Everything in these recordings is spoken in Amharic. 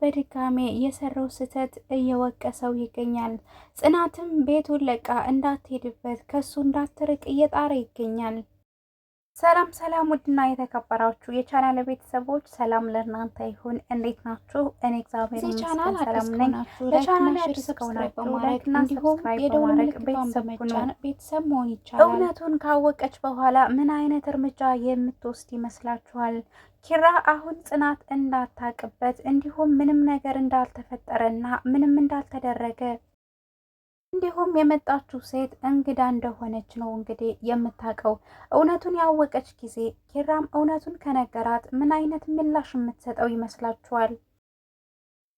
በድጋሜ የሰራው ስህተት እየወቀሰው ይገኛል። ጽናትም ቤቱን ለቃ እንዳትሄድበት ከሱ እንዳትርቅ እየጣረ ይገኛል። ሰላም ሰላም ውድና የተከበራችሁ የቻናል ቤተሰቦች ሰላም ለእናንተ ይሁን። እንዴት ናችሁ? እኔ እግዚአብሔር ይመስገን ሰላም ነኝ። ለቻናል አዲስ ከሆናችሁ ሰብስክራይብ በማድረግ ቤተሰብ ሁኑ። ቤተሰብ መሆን ይቻላል። እውነቱን ካወቀች በኋላ ምን አይነት እርምጃ የምትወስድ ይመስላችኋል? ኪራ አሁን ጽናት እንዳታቅበት እንዲሁም ምንም ነገር እንዳልተፈጠረና ምንም እንዳልተደረገ እንዲሁም የመጣችው ሴት እንግዳ እንደሆነች ነው እንግዲህ የምታውቀው። እውነቱን ያወቀች ጊዜ ኪራም እውነቱን ከነገራት ምን አይነት ምላሽ የምትሰጠው ይመስላችኋል?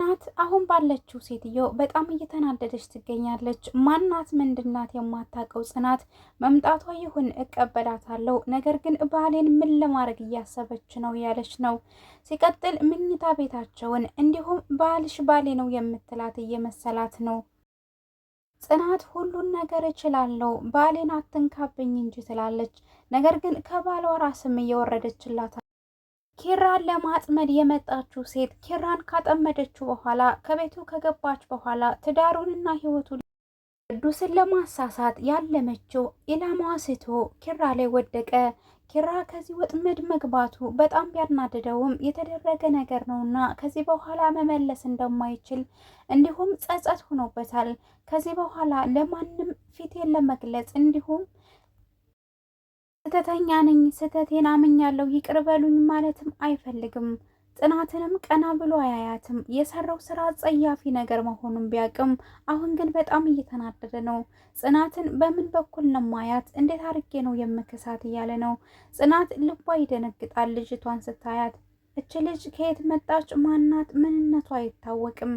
ናት አሁን ባለችው ሴትዮ በጣም እየተናደደች ትገኛለች። ማናት ምንድናት የማታውቀው ጽናት መምጣቷ ይሁን እቀበላታለሁ፣ ነገር ግን ባሌን ምን ለማድረግ እያሰበች ነው ያለች ነው። ሲቀጥል ምኝታ ቤታቸውን እንዲሁም ባልሽ ባሌ ነው የምትላት እየመሰላት ነው ጽናት ሁሉን ነገር እችላለሁ ባሌን አትንካብኝ እንጂ ትላለች። ነገር ግን ከባሏ ራስም እየወረደችላታል። ኪራን ለማጥመድ የመጣችው ሴት ኪራን ካጠመደችው በኋላ ከቤቱ ከገባች በኋላ ትዳሩንና ህይወቱ ቅዱስን ለማሳሳት ያለመችው ኢላማዋ ስቶ ኪራ ላይ ወደቀ። ኪራ ከዚህ ወጥመድ መግባቱ በጣም ቢያናደደውም የተደረገ ነገር ነውና ከዚህ በኋላ መመለስ እንደማይችል እንዲሁም ጸጸት ሆኖበታል። ከዚህ በኋላ ለማንም ፊቴን ለመግለጽ እንዲሁም ስህተተኛ ነኝ ስህተቴን አምኛለሁ ይቅር በሉኝ ማለትም አይፈልግም። ጽናትንም ቀና ብሎ አያያትም። የሰራው ስራ ጸያፊ ነገር መሆኑን ቢያውቅም አሁን ግን በጣም እየተናደደ ነው። ጽናትን በምን በኩል ነው ማያት? እንዴት አርጌ ነው የምክሳት? እያለ ነው። ጽናት ልቧ ይደነግጣል ልጅቷን ስታያት። እች ልጅ ከየት መጣች? ማናት? ምንነቷ አይታወቅም።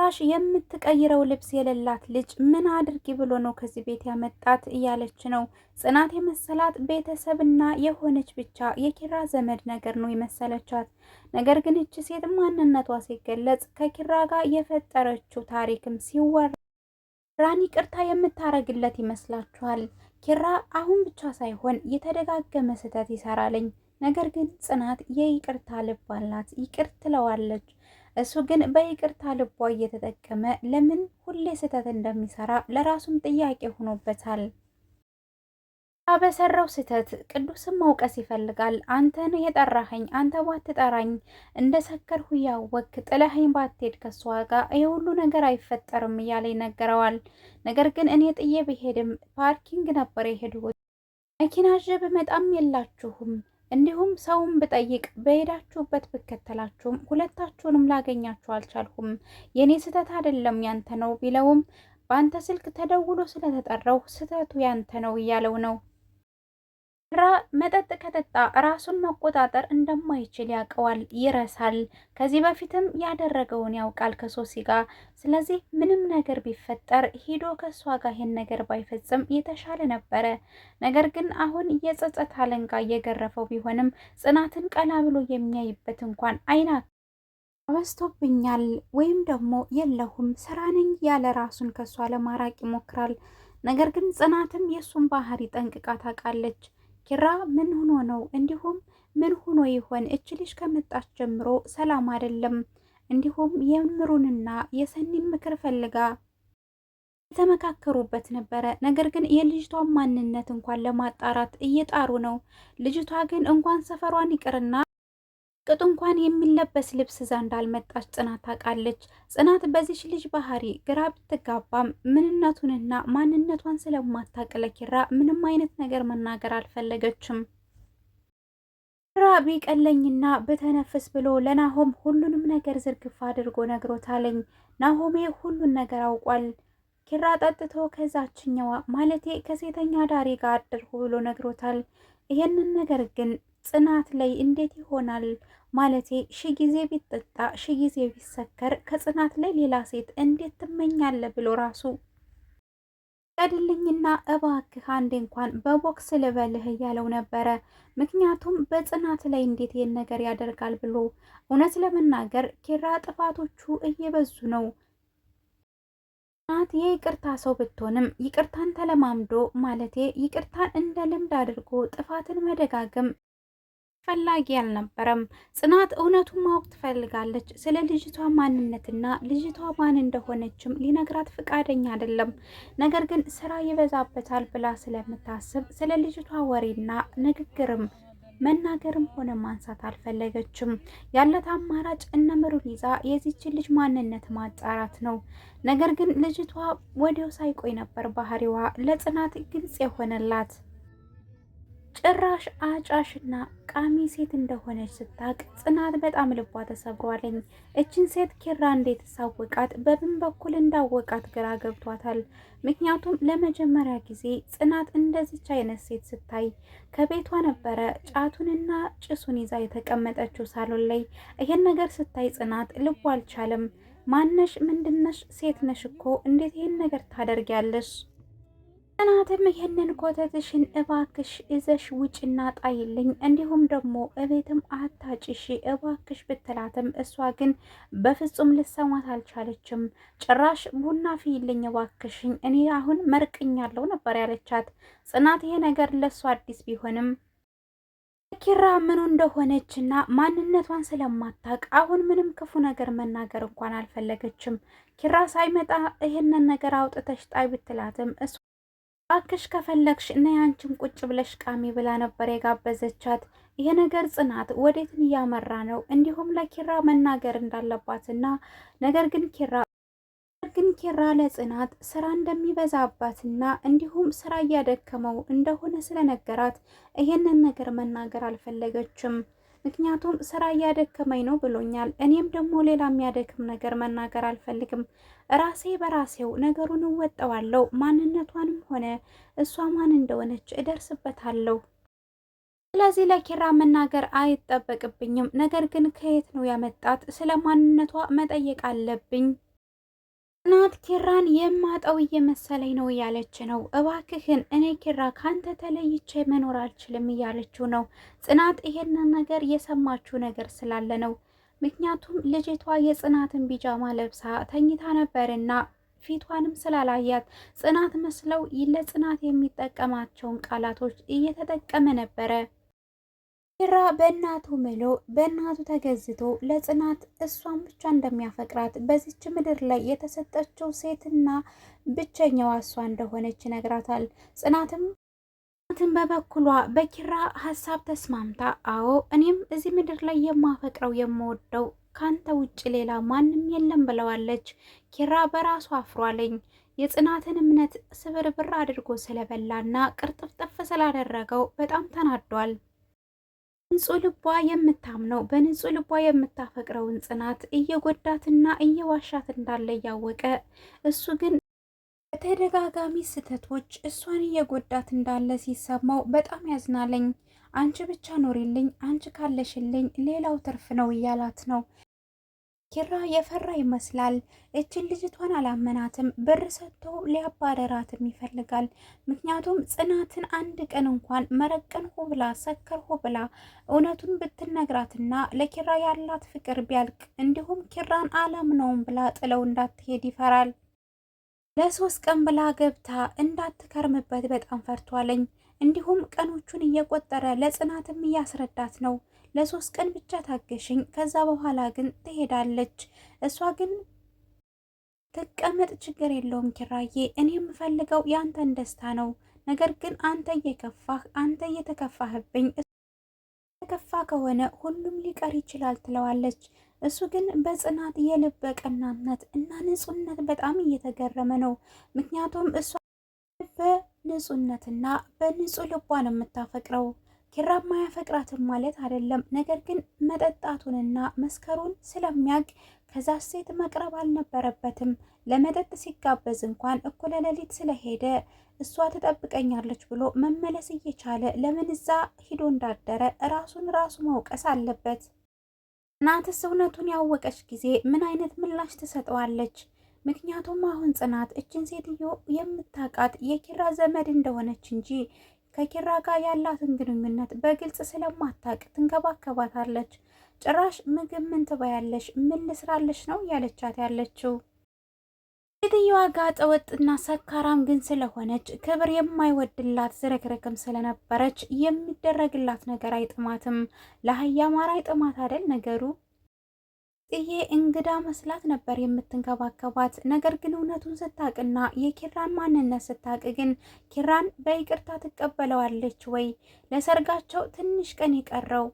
ጭራሽ የምትቀይረው ልብስ የሌላት ልጅ ምን አድርጊ ብሎ ነው ከዚህ ቤት ያመጣት እያለች ነው ጽናት የመሰላት ቤተሰብና የሆነች ብቻ የኪራ ዘመድ ነገር ነው የመሰለቻት። ነገር ግን እች ሴት ማንነቷ ሲገለጽ ከኪራ ጋር የፈጠረችው ታሪክም ሲወራ ራኒ ቅርታ የምታረግለት ይመስላችኋል? ኪራ አሁን ብቻ ሳይሆን የተደጋገመ ስህተት ይሰራልኝ። ነገር ግን ጽናት የይቅርታ ልብ አላት፣ ይቅር ትለዋለች። እሱ ግን በይቅርታ ልቧ እየተጠቀመ ለምን ሁሌ ስህተት እንደሚሰራ ለራሱም ጥያቄ ሆኖበታል። በሰራው ስህተት ቅዱስም መውቀስ ይፈልጋል። አንተን የጠራኸኝ አንተ ባትጠራኝ እንደ ሰከርሁ ያወክ ጥለኸኝ ባትሄድ ከሷ ጋር ይህ ሁሉ ነገር አይፈጠርም እያለ ይነገረዋል። ነገር ግን እኔ ጥዬ ብሄድም ፓርኪንግ ነበር የሄድሁት መኪና ዥ ብመጣም የላችሁም እንዲሁም ሰውን ብጠይቅ በሄዳችሁበት ብከተላችሁም ሁለታችሁንም ላገኛችሁ አልቻልኩም። የእኔ ስህተት አይደለም ያንተ ነው ቢለውም በአንተ ስልክ ተደውሎ ስለተጠራው ስህተቱ ያንተ ነው እያለው ነው። መጠጥ ከጠጣ ራሱን መቆጣጠር እንደማይችል ያውቀዋል፣ ይረሳል። ከዚህ በፊትም ያደረገውን ያውቃል ከሶሲ ጋር። ስለዚህ ምንም ነገር ቢፈጠር ሂዶ ከእሷ ጋር ይሄን ነገር ባይፈጽም የተሻለ ነበረ። ነገር ግን አሁን የጸጸት አለንጋ እየገረፈው ቢሆንም ጽናትን ቀላ ብሎ የሚያይበት እንኳን አይናት አበስቶብኛል ወይም ደግሞ የለሁም ስራ ነኝ ያለ ራሱን ከእሷ ለማራቅ ይሞክራል። ነገር ግን ጽናትም የእሱን ባህሪ ጠንቅቃ ታውቃለች። ኪራ ምን ሆኖ ነው? እንዲሁም ምን ሆኖ ይሆን? እች ልጅ ከመጣች ጀምሮ ሰላም አይደለም። እንዲሁም የምሩንና የሰኒን ምክር ፈልጋ የተመካከሩበት ነበረ። ነገር ግን የልጅቷን ማንነት እንኳን ለማጣራት እየጣሩ ነው። ልጅቷ ግን እንኳን ሰፈሯን ይቅርና ቅጡ እንኳን የሚለበስ ልብስ ይዛ እንዳልመጣች ጽናት ታውቃለች። ጽናት በዚች ልጅ ባህሪ ግራ ብትጋባም ምንነቱንና ማንነቷን ስለማታውቅ ለኪራ ምንም አይነት ነገር መናገር አልፈለገችም። ኪራ ቢቀለኝና ብተነፍስ ብሎ ለናሆም ሁሉንም ነገር ዝርግፍ አድርጎ ነግሮታለኝ። ናሆሜ ሁሉን ነገር አውቋል። ኪራ ጠጥቶ ከዛችኛዋ ማለቴ ከሴተኛ ዳሪ ጋር አድርጎ ብሎ ነግሮታል። ይህንን ነገር ግን ጽናት ላይ እንዴት ይሆናል? ማለቴ ሺ ጊዜ ቢጠጣ ሺ ጊዜ ቢሰከር ከጽናት ላይ ሌላ ሴት እንዴት ትመኛለ ብሎ ራሱ ቀድልኝና እባክህ አንዴ እንኳን በቦክስ ልበልህ እያለው ነበረ። ምክንያቱም በጽናት ላይ እንዴት ይህን ነገር ያደርጋል ብሎ እውነት ለመናገር ኪራ ጥፋቶቹ እየበዙ ነው። ጽናት የይቅርታ ሰው ብትሆንም ይቅርታን ተለማምዶ ማለቴ ይቅርታን እንደ ልምድ አድርጎ ጥፋትን መደጋገም አስፈላጊ አልነበረም። ጽናት እውነቱን ማወቅ ትፈልጋለች። ስለ ልጅቷ ማንነትና ልጅቷ ማን እንደሆነችም ሊነግራት ፈቃደኛ አይደለም። ነገር ግን ስራ ይበዛበታል ብላ ስለምታስብ ስለ ልጅቷ ወሬና ንግግርም መናገርም ሆነ ማንሳት አልፈለገችም። ያለት አማራጭ እነ ምሩን ይዛ የዚችን ልጅ ማንነት ማጣራት ነው። ነገር ግን ልጅቷ ወዲያው ሳይቆይ ነበር ባህሪዋ ለጽናት ግልጽ የሆነላት። ጭራሽ አጫሽና ቃሚ ሴት እንደሆነች ስታቅ ጽናት በጣም ልቧ ተሰብሯለኝ። እችን ሴት ኪራ እንዴት ሳወቃት፣ በምን በኩል እንዳወቃት ግራ ገብቷታል። ምክንያቱም ለመጀመሪያ ጊዜ ጽናት እንደዚች አይነት ሴት ስታይ ከቤቷ ነበረ ጫቱንና ጭሱን ይዛ የተቀመጠችው ሳሎን ላይ። ይሄን ነገር ስታይ ጽናት ልቧ አልቻለም። ማነሽ? ምንድነሽ? ሴት ነሽ እኮ እንዴት ይህን ነገር ታደርጊያለሽ? ጽናትም ይህንን ኮተትሽን እባክሽ እዘሽ ውጭና ጣይልኝ፣ እንዲሁም ደግሞ እቤትም አታጭሺ እባክሽ ብትላትም እሷ ግን በፍጹም ልሰማት አልቻለችም። ጭራሽ ቡና ፊይልኝ እባክሽኝ፣ እኔ አሁን መርቅኛለሁ ነበር ያለቻት። ጽናት ይሄ ነገር ለእሱ አዲስ ቢሆንም ኪራ ምኑ እንደሆነች እና ማንነቷን ስለማታቅ አሁን ምንም ክፉ ነገር መናገር እንኳን አልፈለገችም። ኪራ ሳይመጣ ይህንን ነገር አውጥተሽ ጣይ ብትላትም እባክሽ ከፈለግሽ እና ያንቺን ቁጭ ብለሽ ቃሚ ብላ ነበር የጋበዘቻት። ይሄ ነገር ጽናት ወዴትን እያመራ ነው እንዲሁም ለኪራ መናገር እንዳለባትና ነገር ግን ኪራ ግን ኪራ ለጽናት ስራ እንደሚበዛባትና እንዲሁም ስራ እያደከመው እንደሆነ ስለነገራት ይሄንን ነገር መናገር አልፈለገችም። ምክንያቱም ስራ እያደከመኝ ነው ብሎኛል። እኔም ደግሞ ሌላ የሚያደክም ነገር መናገር አልፈልግም። ራሴ በራሴው ነገሩን እወጠዋለሁ። ማንነቷንም ሆነ እሷ ማን እንደሆነች እደርስበታለሁ። ስለዚህ ለኪራ መናገር አይጠበቅብኝም። ነገር ግን ከየት ነው ያመጣት? ስለ ማንነቷ መጠየቅ አለብኝ ናት ኪራን የማጣው እየመሰለኝ ነው እያለች ነው። እባክህን እኔ ኪራ ካንተ ተለይቼ መኖር አልችልም እያለችው ነው። ጽናት ይሄንን ነገር የሰማችው ነገር ስላለ ነው። ምክንያቱም ልጅቷ የጽናትን ቢጃማ ለብሳ ተኝታ ነበርና ፊቷንም ስላላያት ጽናት መስለው ለጽናት የሚጠቀማቸውን ቃላቶች እየተጠቀመ ነበረ። ኪራ በእናቱ ምሎ በእናቱ ተገዝቶ ለጽናት እሷን ብቻ እንደሚያፈቅራት በዚች ምድር ላይ የተሰጠችው ሴትና ብቸኛዋ እሷ እንደሆነች ይነግራታል። ጽናትም ጽናትን በበኩሏ በኪራ ሀሳብ ተስማምታ አዎ እኔም እዚህ ምድር ላይ የማፈቅረው የምወደው ካንተ ውጭ ሌላ ማንም የለም ብለዋለች። ኪራ በራሱ አፍሯለኝ የጽናትን እምነት ስብርብር አድርጎ ስለበላና ቅርጥፍጥፍ ስላደረገው በጣም ተናዷል። ንጹህ ልቧ የምታምነው በንጹህ ልቧ የምታፈቅረውን ጽናት እየጎዳትና እየዋሻት እንዳለ እያወቀ እሱ ግን በተደጋጋሚ ስህተቶች እሷን እየጎዳት እንዳለ ሲሰማው በጣም ያዝናለኝ። አንቺ ብቻ ኖሪልኝ፣ አንቺ ካለሽልኝ ሌላው ትርፍ ነው እያላት ነው። ኪራ የፈራ ይመስላል። እችን ልጅቷን አላመናትም። ብር ሰጥቶ ሊያባረራትም ይፈልጋል። ምክንያቱም ጽናትን አንድ ቀን እንኳን መረቀንሁ ብላ ሰከርሁ ብላ እውነቱን ብትነግራትና ለኪራ ያላት ፍቅር ቢያልቅ እንዲሁም ኪራን አላምነውም ብላ ጥለው እንዳትሄድ ይፈራል። ለሶስት ቀን ብላ ገብታ እንዳትከርምበት በጣም ፈርቷለኝ። እንዲሁም ቀኖቹን እየቆጠረ ለጽናትም እያስረዳት ነው ለሶስት ቀን ብቻ ታገሽኝ፣ ከዛ በኋላ ግን ትሄዳለች። እሷ ግን ትቀመጥ፣ ችግር የለውም ኪራዬ፣ እኔ የምፈልገው የአንተን ደስታ ነው። ነገር ግን አንተ እየከፋህ አንተ እየተከፋህብኝ ተከፋ ከሆነ ሁሉም ሊቀር ይችላል ትለዋለች። እሱ ግን በጽናት የልበ ቀናነት እና ንጹህነት በጣም እየተገረመ ነው። ምክንያቱም እሷ በንጹህነትና በንጹህ ልቧ ነው የምታፈቅረው። ኪራ ያፈቅራትን ማለት አይደለም። ነገር ግን መጠጣቱንና መስከሩን ስለሚያውቅ ከዛ ሴት መቅረብ አልነበረበትም። ለመጠጥ ሲጋበዝ እንኳን እኩለ ሌሊት ስለሄደ እሷ ትጠብቀኛለች ብሎ መመለስ እየቻለ ለምን እዛ ሂዶ እንዳደረ ራሱን ራሱ መውቀስ አለበት። ጽናትስ እውነቱን ያወቀች ጊዜ ምን አይነት ምላሽ ትሰጠዋለች? ምክንያቱም አሁን ጽናት እችን ሴትዮ የምታውቃት የኪራ ዘመድ እንደሆነች እንጂ ከኪራ ጋር ያላትን ግንኙነት በግልጽ ስለማታቅ ትንከባከባታለች። ጭራሽ ምግብ ምን ትበያለሽ? ምን ልስራለሽ ነው እያለቻት ያለችው። ሴትየዋ ጋጠወጥና ሰካራም ግን ስለሆነች ክብር የማይወድላት ዝረክረክም ስለነበረች የሚደረግላት ነገር አይጥማትም። ለአህያ ማር አይጥማት አይደል ነገሩ ጥዬ እንግዳ መስላት ነበር የምትንከባከባት። ነገር ግን እውነቱን ስታቅና የኪራን ማንነት ስታቅ ግን ኪራን በይቅርታ ትቀበለዋለች ወይ? ለሰርጋቸው ትንሽ ቀን የቀረው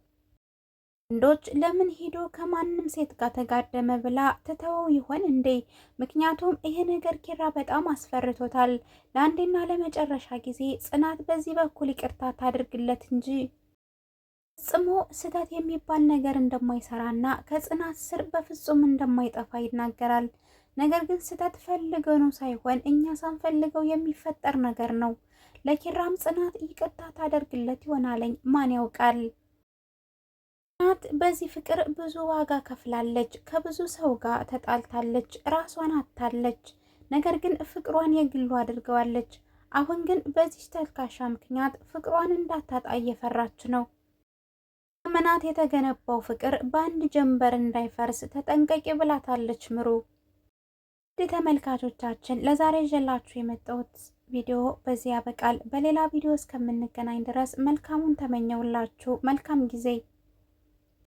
ወንዶች ለምን ሂዶ ከማንም ሴት ጋር ተጋደመ ብላ ትተወው ይሆን እንዴ? ምክንያቱም ይሄ ነገር ኪራ በጣም አስፈርቶታል። ለአንዴና ለመጨረሻ ጊዜ ጽናት በዚህ በኩል ይቅርታ ታድርግለት እንጂ ፈጽሞ ስህተት የሚባል ነገር እንደማይሰራና ከጽናት ስር በፍጹም እንደማይጠፋ ይናገራል። ነገር ግን ስህተት ፈልገው ነው ሳይሆን እኛ ሳንፈልገው የሚፈጠር ነገር ነው። ለኪራም ጽናት ይቅርታ ታደርግለት ይሆናለኝ ማን ያውቃል። ጽናት በዚህ ፍቅር ብዙ ዋጋ ከፍላለች። ከብዙ ሰው ጋር ተጣልታለች፣ ራሷን አታለች። ነገር ግን ፍቅሯን የግሉ አድርገዋለች። አሁን ግን በዚህ ተልካሻ ምክንያት ፍቅሯን እንዳታጣ እየፈራች ነው። ዘመናት የተገነባው ፍቅር በአንድ ጀንበር እንዳይፈርስ ተጠንቀቂ ብላታለች ምሩ። ተመልካቾቻችን ለዛሬ ይዤላችሁ የመጣሁት ቪዲዮ በዚህ ያበቃል። በሌላ ቪዲዮ እስከምንገናኝ ድረስ መልካሙን ተመኘውላችሁ። መልካም ጊዜ